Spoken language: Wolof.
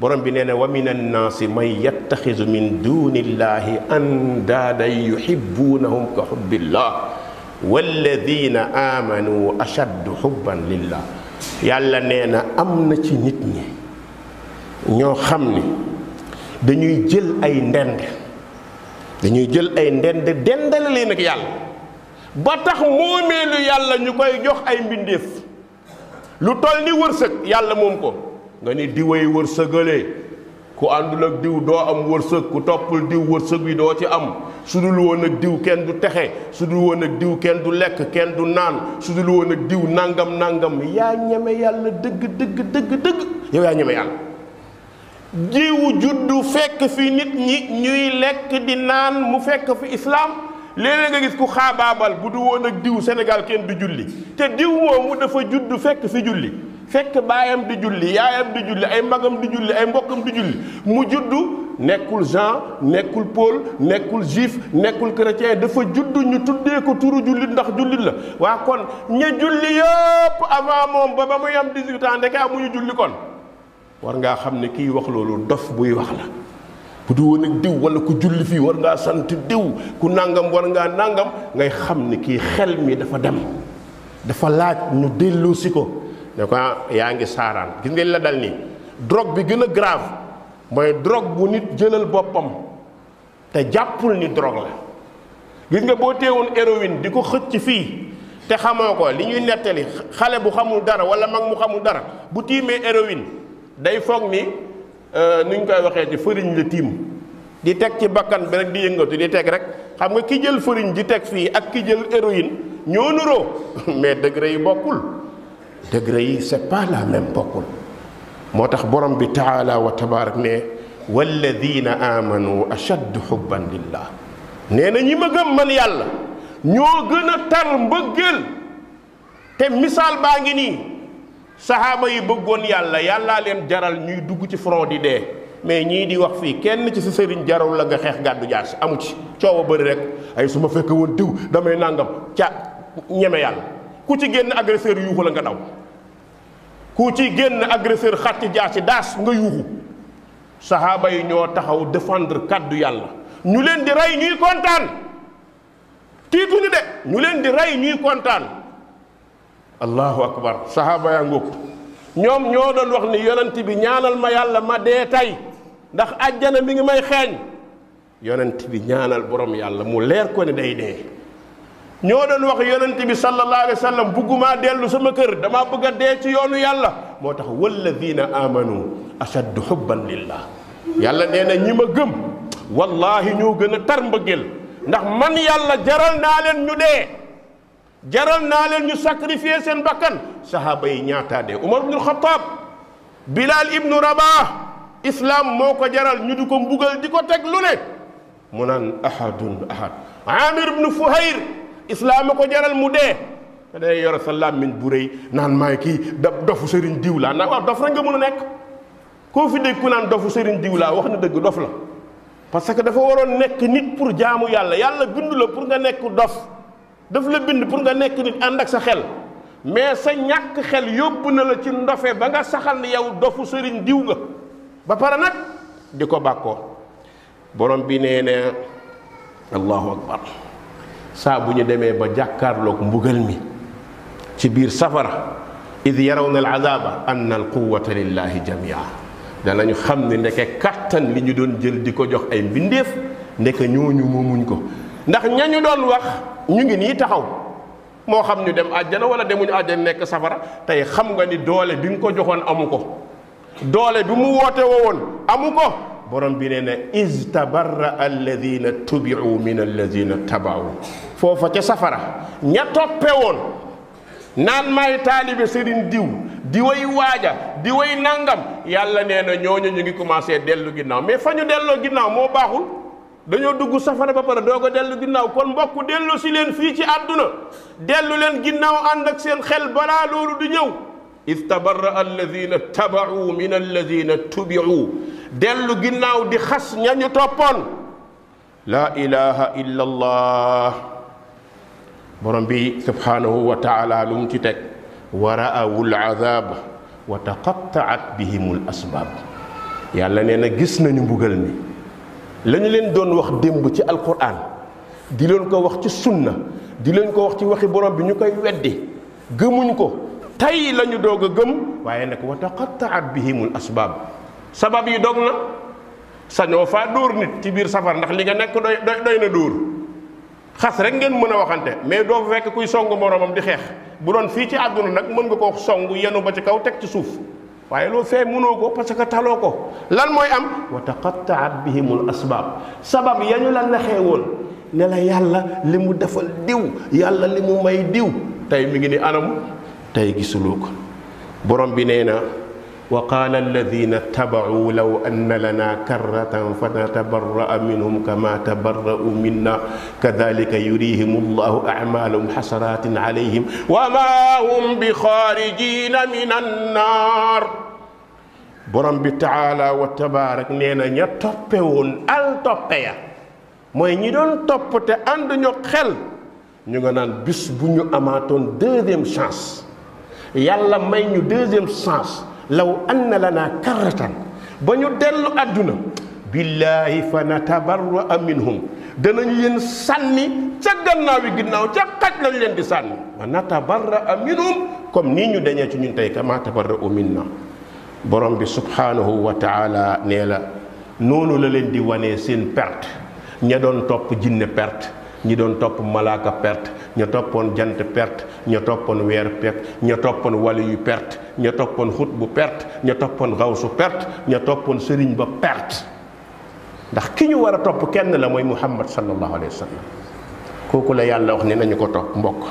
borom bi nee na wa min annaasi man yattaxisu min dunillahi andaadan yuhibbuunahum ka xubbillah walladina amanu ashaddu xubban nee na am na ci nit ñi ñoo xam ni dañuy jël ay ndend dañuy jël ay ndend dendale leen ak yàlla ba tax moomeelu yàlla ñu koy jox ay mbindeef lu toll ni wërsëg yàlla moom ko nga ni diwey wërsëgalee ku àndul ak diw doo am wërsëg ku toppul diw wërsëg wi doo ci am su dul woon ak diw kenn du texe su dul woon ak diw kenn du lekk kenn du naan su dul woon ak diw nangam nangam yaa ñeme yàlla dëgg dëgg dëgg dëgg yow yaa ñeme yàlla diw juddu fekk fi nit ñi ñuy lekk di naan mu fekk fi islaam léeg-léeg nga gis ku xaabaabal bu du woon ak diw senegal kenn du julli te diw moomu dafa juddu fekk fi julli fekk baayam di julli yaayam di julli ay magam di julli ay mbokkam di julli mu juddu nekkul Jean nekkul Paul nekkul juif nekkul chrétien dafa juddu ñu tuddee ko turu jullit ndax jullit la waa kon ña julli yëpp avant moom ba ba muy am 18 ans ndeke amuñu julli kon war ngaa xam ne kiy wax loolu dof buy wax la bu du diw wala ku julli fii war ngaa sant diw ku nangam war ngaa nangam ngay xam ne kii xel mi dafa dem dafa laaj ñu delloosi ko ne ko ah, yaa ngi saaraan gis nga li la dal nii drogue bi gën a grave mooy drogue bu nit jëlal boppam te jàppul ni drogue la gis nga boo teewoon héroïne di ko xëcc fii te xamoo ko li ñuy nettali xale bu xamul dara wala mag mu xamul dara bu tiimee héroïne day foog ni euh, nuñ koy waxee ci fëriñ la tiim di teg ci bakkan bi rek di yëngatu di teg rek xam nga ki jël fëriñ di teg fii ak ki jël héroïne ñoo nuroo mais degré yi bokkul degré yi c'est pas la moo tax borom bi taala wa tabaarak ne walladina amanu ashaddu xubban lillah nee na ñi ma gëm man yàlla ñoo gën a tar mbëggeel te misaal baa ngi nii saxaaba yi bëggoon yàlla yàllaa leen jaral ñuy dugg ci front di dee mais ñii di wax fii kenn ci sa sëriñ jarul la nga xeex gàddu jaar si amu ci coow a bëri rek ay su ma fekk woon diw damay nàngam ca ñeme yàlla ku ci génn agresseur yuuxu la nga daw ku ci génn agresseur xàcc jaa ci daas nga yuuxu saxaaba yi ñoo taxaw défendre kàddu yàlla ñu leen di rey ñuy kontaan tiituñu de ñu leen di rey ñuy kontaan allahu akbar saxaaba yaa ngóog ñoom ñoo doon wax ni yonent bi ñaanal ma yàlla ma dee tay ndax àjjana mi ngi may xeeñ yonent bi ñaanal borom yàlla mu leer ko day dee ñoo doon wax yonent bi sallallahu alayhi wa sallam buggumaa dellu sama kër damaa bëgg a dee ci yoonu yàlla moo tax walladina amanu ashaddu hubban lillah yàlla nee na ñi ma gëm wallahi ñoo gën a tar mbëggeel ndax man yàlla jaral naa leen ñu dee jaral naa leen ñu sacrifier seen bakkan sahaaba yi ñaataa dee Umar ibnul Xataab Bilaal ibnu Rabah islam moo ko jaral ñu di ko mbugal di ko teg lu ne mu naan ahadun ahad Amir ibnu Fuhayr islaam a ko jaral mu dee te day yore sa làmmiñ bu rëy naan maay kii da dofu sëriñ diw laa naan waaw dof rek nga mën a nekk koo fi dégg ku naan dofu sëriñ diw laa wax na dëgg dof la parce que dafa waroon nekk nit pour jaamu yàlla yàlla bindu la pour nga nekk dof daf la bind pour nga nekk nit ànd ak sa xel mais sa ñàkk xel yóbbu na la ci ndofe ba nga saxal yow dofu sëriñ diw nga ba pare nag di ko bàkkoo borom bi nee ne allahu akbar saa bu ñu demee ba jàkkaarloog mbugal mi ci biir safara id yarawna al azaba anna al quwata lillahi jamia danañu xam ne ndeke kàttan li ñu doon jël di ko jox ay mbindéef mbindeef ndeke ñooñu moomuñ ko ndax ñañu doon wax ñu ngi nii taxaw moo xam ñu dem àjjana wala demuñu àjjana nekk safara tey xam nga ni doole bi nga ko joxoon amu ko doole bi mu woote woon amu ko borom bi nee na iz tabarra alladina tubiu min alladina tabaau foofa ca safara ña toppe woon naan maay taalibe sëriñ diw di way waaja di way nangam yàlla nee na ñooñu ñu ngi commencé dellu ginnaaw mais fa ñu delloo ginnaaw moo baaxul dañoo dugg safara ba pare doog a dellu ginnaaw kon mbokk dellu si leen fii ci àdduna dellu leen ginnaaw ànd ak seen xel balaa loolu du ñëw istabarra alladina tabaru min alladina tubiru dellu ginnaaw di xas ñañu toppoon laa ilaha illa allah borom bi subhaanahu wa taala lu mu ci teg wa raawu lazaaba wa taqattaat bihimul asbaab yàlla nee na gis nañu mbugal mi la leen doon wax démb ci alquran di leen ko wax ci sunna di leen ko wax ci waxi borom bi ñu koy weddi gëmuñ ko tey lañu ñu doog a gëm waaye nag wa taqattaat bihimul asbaab sabab yi dog na sañoo faa dóor nit ci biir safar ndax li nga nekk doy doy na dóor xas rek ngeen mën a waxante mais doo fa fekk kuy song moroomam di xeex bu doon fii ci àdduna nag mën nga koo song yenu ba ci kaw teg ci suuf waaye loo fee mënoo ko parce que taloo ko lan mooy am wa taqattaat bihimul asbaab sabab yañu la naxee woon ne la yàlla li mu defal diw yàlla li mu may diw tey mi ngi ni anam tey gisuloo ko borom bi nee na wa qaala alladina tabacu law anna lana karratan fa natabaraa minhum kama tabarau minna kadalika yurihim allahu acmalahum xasaratin alayhim wa ma hum bi xaarijina min annaar borom bi taala wa tabaarak nee na ña toppe woon al toppe ya mooy ñi doon topp te ànd ñu xel ñu nga naan bis bu ñu amaatoon deuxième chance yàlla may ñu deuxième chance law anna lana karratan ba ñu dellu àdduna billaahi fa natabarraa minhum danañ leen sànni ca gannaaw ginnaaw ca xaj lañ leen di sànni wa natabarraa minhum comme nii ñu dañee ci ñun tey kama tabarrau minna borom bi subhanahu wa taala nee la noonu la leen di wane seen perte ña doon topp jinne perte ñi doon topp malaaka perte ña toppoon jant perte ña toppoon weer perte ña toppoon wali yu perte ña toppoon xut bu perte ña toppoon xawsu perte ña toppoon sëriñ ba perte ndax ki ñu war a topp kenn la mooy muhammad sallallahu alayhi wa sallam kooku la yàlla wax ne nañu ko topp mbokk